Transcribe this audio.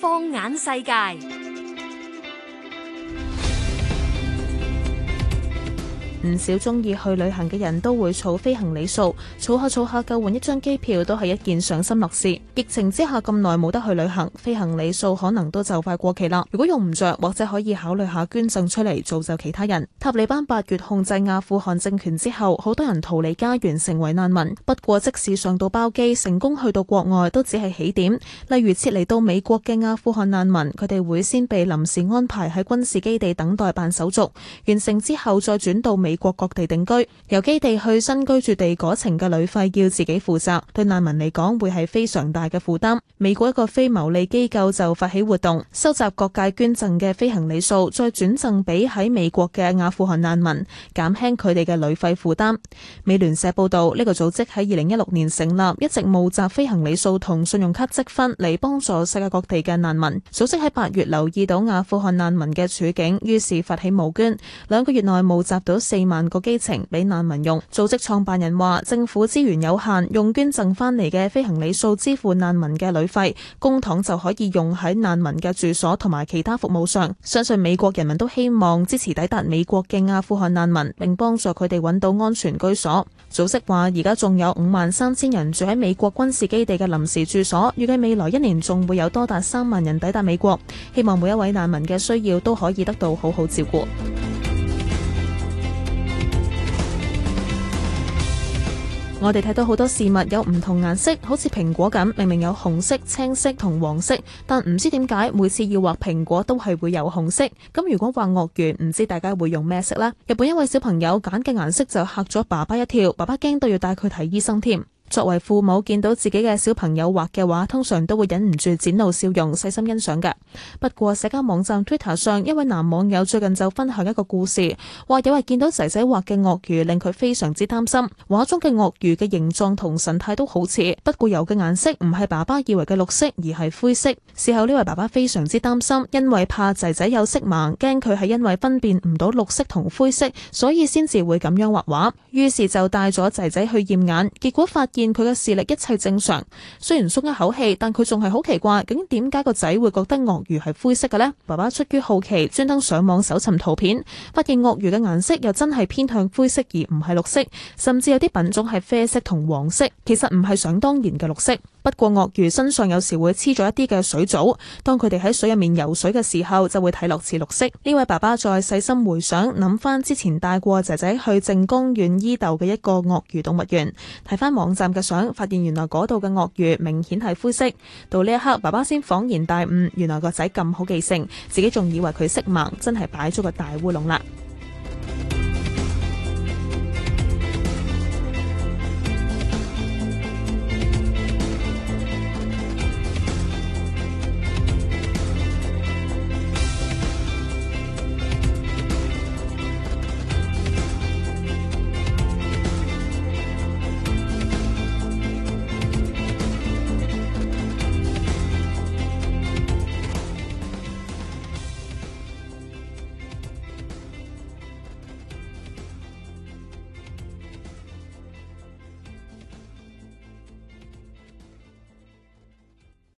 放眼世界。唔少鍾意去旅行嘅人都會儲飛行里數，儲下儲下夠換一張機票都係一件賞心樂事。疫情之下咁耐冇得去旅行，飛行里數可能都就快過期啦。如果用唔着，或者可以考慮下捐贈出嚟，造就其他人。塔利班八月控制阿富汗政權之後，好多人逃離家園成為難民。不過即使上到包機成功去到國外，都只係起點。例如撤離到美國嘅阿富汗難民，佢哋會先被臨時安排喺軍事基地等待辦手續，完成之後再轉到美美國各地定居，由基地去新居住地嗰程嘅旅費要自己負責，對難民嚟講會係非常大嘅負擔。美國一個非牟利機構就發起活動，收集各界捐贈嘅飛行里數再轉贈俾喺美國嘅阿富汗難民，減輕佢哋嘅旅費負擔。美聯社報道呢個組織喺二零一六年成立，一直募集飛行里數同信用卡積分嚟幫助世界各地嘅難民。組織喺八月留意到阿富汗難民嘅處境，於是發起募捐，兩個月內募集到四。萬個機程俾難民用，組織創辦人話：政府資源有限，用捐贈翻嚟嘅飛行里數支付難民嘅旅費，公帑就可以用喺難民嘅住所同埋其他服務上。相信美國人民都希望支持抵達美國嘅阿富汗難民，並幫助佢哋揾到安全居所。組織話：而家仲有五萬三千人住喺美國軍事基地嘅臨時住所，預計未來一年仲會有多達三萬人抵達美國。希望每一位難民嘅需要都可以得到好好照顧。我哋睇到好多事物有唔同顏色，好似蘋果咁，明明有紅色、青色同黃色，但唔知點解每次要畫蘋果都係會有紅色。咁如果畫鱷魚，唔知大家會用咩色啦？日本一位小朋友揀嘅顏色就吓咗爸爸一跳，爸爸驚都要帶佢睇醫生添。作為父母見到自己嘅小朋友畫嘅畫，通常都會忍唔住展露笑容，細心欣賞嘅。不過社交網站 Twitter 上一位男網友最近就分享一個故事，話有日見到仔仔畫嘅鱷魚令佢非常之擔心，畫中嘅鱷魚嘅形狀同神態都好似，不過有嘅顏色唔係爸爸以為嘅綠色，而係灰色。事後呢位爸爸非常之擔心，因為怕仔仔有色盲，驚佢係因為分辨唔到綠色同灰色，所以先至會咁樣畫畫。於是就帶咗仔仔去驗眼，結果發現。見佢嘅視力一切正常，雖然鬆一口氣，但佢仲係好奇怪，究竟點解個仔會覺得鱷魚係灰色嘅呢？爸爸出於好奇，專登上網搜尋圖片，發現鱷魚嘅顏色又真係偏向灰色而唔係綠色，甚至有啲品種係啡色同黃色，其實唔係想當然嘅綠色。不過，鱷魚身上有時會黐咗一啲嘅水藻，當佢哋喺水入面游水嘅時候，就會睇落似綠色。呢位爸爸再細心回想，諗翻之前帶過姐姐去正公縣靜岡縣伊豆嘅一個鱷魚動物園，睇翻網站嘅相，發現原來嗰度嘅鱷魚明顯係灰色。到呢一刻，爸爸先恍然大悟，原來個仔咁好記性，自己仲以為佢色盲，真係擺咗個大烏龍啦！